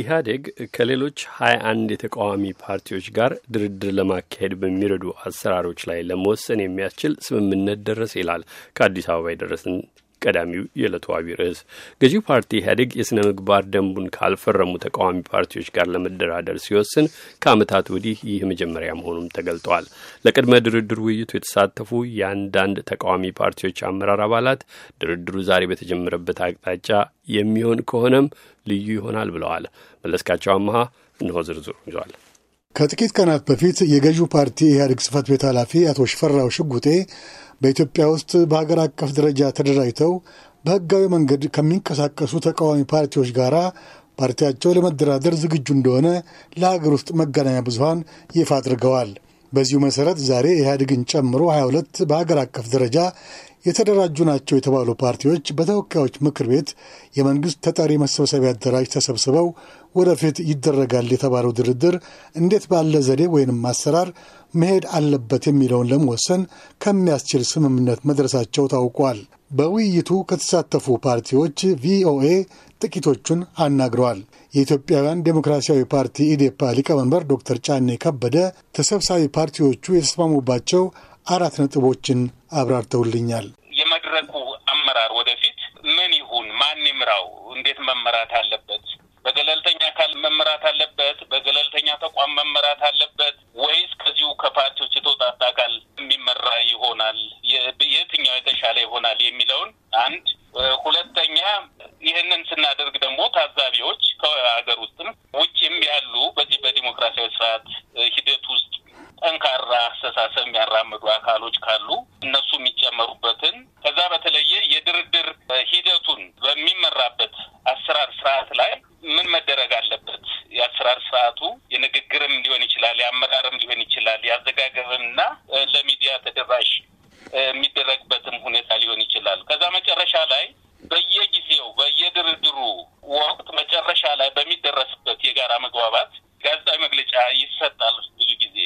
ኢህአዴግ ከሌሎች 21 የተቃዋሚ ፓርቲዎች ጋር ድርድር ለማካሄድ በሚረዱ አሰራሮች ላይ ለመወሰን የሚያስችል ስምምነት ደረሰ ይላል ከአዲስ አበባ የደረሰን ቀዳሚው የዕለቱ አቢይ ርዕስ ገዢው ፓርቲ ኢህአዴግ የሥነ ምግባር ደንቡን ካልፈረሙ ተቃዋሚ ፓርቲዎች ጋር ለመደራደር ሲወስን ከዓመታት ወዲህ ይህ መጀመሪያ መሆኑም ተገልጧል። ለቅድመ ድርድር ውይይቱ የተሳተፉ የአንዳንድ ተቃዋሚ ፓርቲዎች አመራር አባላት ድርድሩ ዛሬ በተጀመረበት አቅጣጫ የሚሆን ከሆነም ልዩ ይሆናል ብለዋል። መለስካቸው አመሃ እንሆ ዝርዝሩ ይዟል። ከጥቂት ቀናት በፊት የገዢው ፓርቲ ኢህአዴግ ጽህፈት ቤት ኃላፊ አቶ ሽፈራው ሽጉጤ በኢትዮጵያ ውስጥ በሀገር አቀፍ ደረጃ ተደራጅተው በህጋዊ መንገድ ከሚንቀሳቀሱ ተቃዋሚ ፓርቲዎች ጋር ፓርቲያቸው ለመደራደር ዝግጁ እንደሆነ ለሀገር ውስጥ መገናኛ ብዙኃን ይፋ አድርገዋል። በዚሁ መሰረት ዛሬ ኢህአዴግን ጨምሮ 22 በሀገር አቀፍ ደረጃ የተደራጁ ናቸው የተባሉ ፓርቲዎች በተወካዮች ምክር ቤት የመንግሥት ተጠሪ መሰብሰቢያ አዳራሽ ተሰብስበው ወደፊት ይደረጋል የተባለው ድርድር እንዴት ባለ ዘዴ ወይንም አሰራር መሄድ አለበት የሚለውን ለመወሰን ከሚያስችል ስምምነት መድረሳቸው ታውቋል። በውይይቱ ከተሳተፉ ፓርቲዎች ቪኦኤ ጥቂቶቹን አናግረዋል። የኢትዮጵያውያን ዴሞክራሲያዊ ፓርቲ ኢዴፓ ሊቀመንበር ዶክተር ጫኔ ከበደ ተሰብሳቢ ፓርቲዎቹ የተስማሙባቸው አራት ነጥቦችን አብራርተውልኛል። የመድረኩ አመራር ወደፊት ምን ይሁን፣ ማን ይምራው፣ እንዴት መመራት አለበት፣ በገለልተኛ አካል መመራት አለበት፣ በገለልተኛ ተቋም መመራት አለበት መነጋገርና ለሚዲያ ተደራሽ የሚደረግበትም ሁኔታ ሊሆን ይችላል። ከዛ መጨረሻ ላይ በየጊዜው በየድርድሩ ወቅት መጨረሻ ላይ በሚደረስበት የጋራ መግባባት ጋዜጣዊ መግለጫ ይሰጣል ብዙ ጊዜ።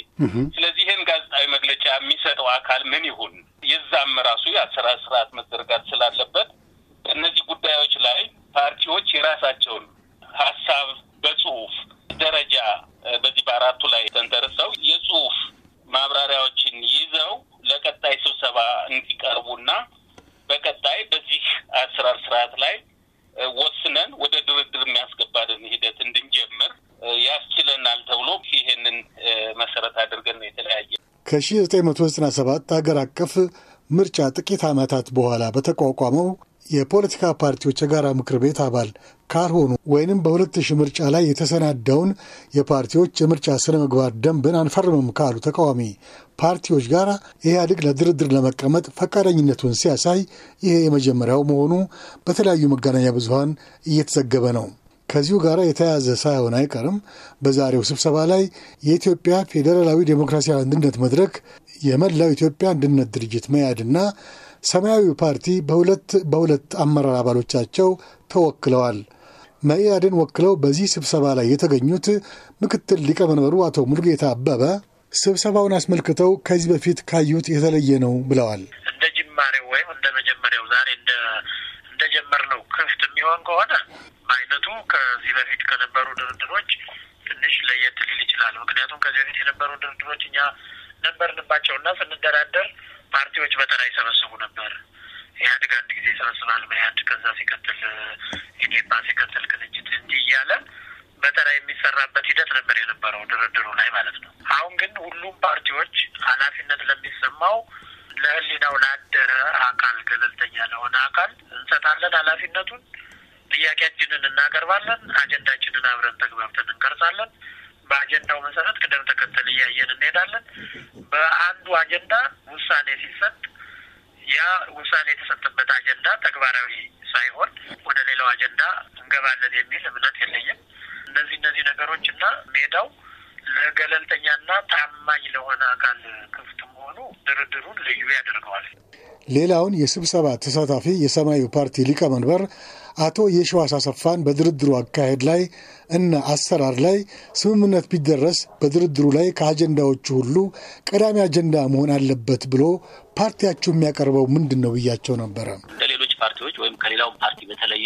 ስለዚህ ይህን ጋዜጣዊ መግለጫ የሚሰጠው አካል ምን ይሁን፣ የዛም ራሱ የአሰራር ስርዓት መዘርጋት ስላለበት በእነዚህ ጉዳዮች ላይ ፓርቲዎች የራሳቸውን ሀሳብ ሰዓት ላይ ወስነን ወደ ድርድር የሚያስገባልን ሂደት እንድንጀምር ያስችለናል ተብሎ ይሄንን መሰረት አድርገን ነው የተለያየ ዘጠና ሰባት ሀገር አቀፍ ምርጫ ጥቂት ዓመታት በኋላ በተቋቋመው የፖለቲካ ፓርቲዎች የጋራ ምክር ቤት አባል ካልሆኑ ወይንም በሁለት ሺህ ምርጫ ላይ የተሰናዳውን የፓርቲዎች የምርጫ ስነ ምግባር ደንብን አንፈርምም ካሉ ተቃዋሚ ፓርቲዎች ጋር ኢህአዴግ ለድርድር ለመቀመጥ ፈቃደኝነቱን ሲያሳይ ይሄ የመጀመሪያው መሆኑ በተለያዩ መገናኛ ብዙሀን እየተዘገበ ነው። ከዚሁ ጋር የተያያዘ ሳይሆን አይቀርም በዛሬው ስብሰባ ላይ የኢትዮጵያ ፌዴራላዊ ዴሞክራሲያዊ አንድነት መድረክ፣ የመላው ኢትዮጵያ አንድነት ድርጅት መያድና ሰማያዊ ፓርቲ በሁለት በሁለት አመራር አባሎቻቸው ተወክለዋል። መኢአድን ወክለው በዚህ ስብሰባ ላይ የተገኙት ምክትል ሊቀመንበሩ አቶ ሙሉጌታ አበበ ስብሰባውን አስመልክተው ከዚህ በፊት ካዩት የተለየ ነው ብለዋል። እንደ ጅማሬው ወይም እንደ መጀመሪያው ዛሬ እንደጀመርነው ክፍት የሚሆን ከሆነ በአይነቱ ከዚህ በፊት ከነበሩ ድርድሮች ትንሽ ለየት ሊል ይችላል። ምክንያቱም ከዚህ በፊት የነበሩ ድርድሮች እኛ ነበርንባቸው እና ስንደራደር ፓርቲዎች በተራ ይሰበስቡ ነበር። ኢህአዴግ አንድ ጊዜ ይሰበስባል፣ መኢአድ ከዛ ሲከትል ኢኔፓ ሲቀጥል ቅንጅት፣ እንዲህ እያለ በተራ የሚሰራበት ሂደት ነበር የነበረው ድርድሩ ላይ ማለት ነው። አሁን ግን ሁሉም ፓርቲዎች ኃላፊነት ለሚሰማው ለህሊናው ላደረ አካል ገለልተኛ ለሆነ አካል እንሰጣለን ኃላፊነቱን ጥያቄያችንን እናቀርባለን። አጀንዳችንን አብረን ተግባብተን እንቀርጻለን። በአጀንዳው መሰረት ቅደም ተከተል እያየን እንሄዳለን። በአንዱ አጀንዳ ውሳኔ ሲሰጥ ያ ውሳኔ የተሰጠበት አጀንዳ ተግባራዊ ሳይሆን ወደ ሌላው አጀንዳ እንገባለን የሚል እምነት የለኝም። እነዚህ እነዚህ ነገሮች እና ሜዳው ለገለልተኛና ታማኝ ለሆነ አካል ክፍት መሆኑ ድርድሩን ልዩ ያደርገዋል። ሌላውን የስብሰባ ተሳታፊ የሰማያዊ ፓርቲ ሊቀመንበር አቶ የሸዋስ አሰፋን በድርድሩ አካሄድ ላይ እና አሰራር ላይ ስምምነት ቢደረስ በድርድሩ ላይ ከአጀንዳዎቹ ሁሉ ቀዳሚ አጀንዳ መሆን አለበት ብሎ ፓርቲያቸው የሚያቀርበው ምንድን ነው ብያቸው ነበረ። ከሌሎች ፓርቲዎች ወይም ከሌላው ፓርቲ በተለየ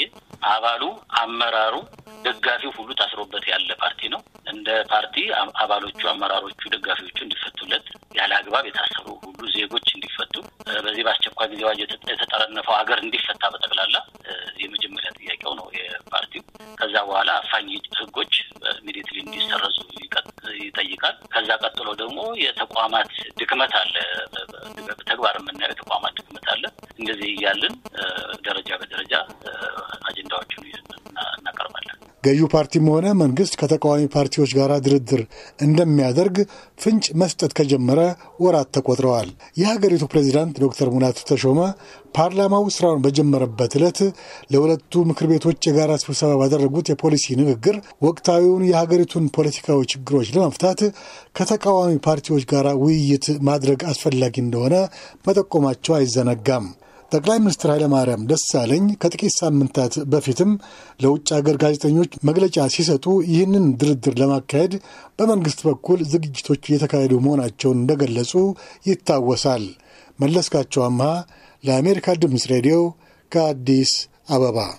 አባሉ፣ አመራሩ፣ ደጋፊው ሁሉ ታስሮበት ያለ ፓርቲ ነው። እንደ ፓርቲ አባሎቹ፣ አመራሮቹ፣ ደጋፊዎቹ እንዲፈቱለት ያለ አግባብ የታሰሩ ሁሉ ዜጎች እንዲፈቱ በዚህ በአስቸኳይ ጊዜ የተጠረነፈው ሀገር እንዲፈታ በጠቅላላ በኋላ አፋኝ ህጎች ኢሚዲየትሊ እንዲሰረዙ ይጠይቃል። ከዛ ቀጥሎ ደግሞ የተቋማት ድክመት አለ። በተግባር የምናየው የተቋማት ድክመት አለ። እንደዚህ እያልን ደረጃ በደረጃ ገዢው ፓርቲም ሆነ መንግስት ከተቃዋሚ ፓርቲዎች ጋር ድርድር እንደሚያደርግ ፍንጭ መስጠት ከጀመረ ወራት ተቆጥረዋል። የሀገሪቱ ፕሬዚዳንት ዶክተር ሙላቱ ተሾመ ፓርላማው ስራውን በጀመረበት ዕለት ለሁለቱ ምክር ቤቶች የጋራ ስብሰባ ባደረጉት የፖሊሲ ንግግር ወቅታዊውን የሀገሪቱን ፖለቲካዊ ችግሮች ለመፍታት ከተቃዋሚ ፓርቲዎች ጋር ውይይት ማድረግ አስፈላጊ እንደሆነ መጠቆማቸው አይዘነጋም። ጠቅላይ ሚኒስትር ኃይለማርያም ደሳለኝ ከጥቂት ሳምንታት በፊትም ለውጭ አገር ጋዜጠኞች መግለጫ ሲሰጡ ይህንን ድርድር ለማካሄድ በመንግስት በኩል ዝግጅቶች እየተካሄዱ መሆናቸውን እንደገለጹ ይታወሳል። መለስካቸው አምሃ ለአሜሪካ ድምፅ ሬዲዮ ከአዲስ አበባ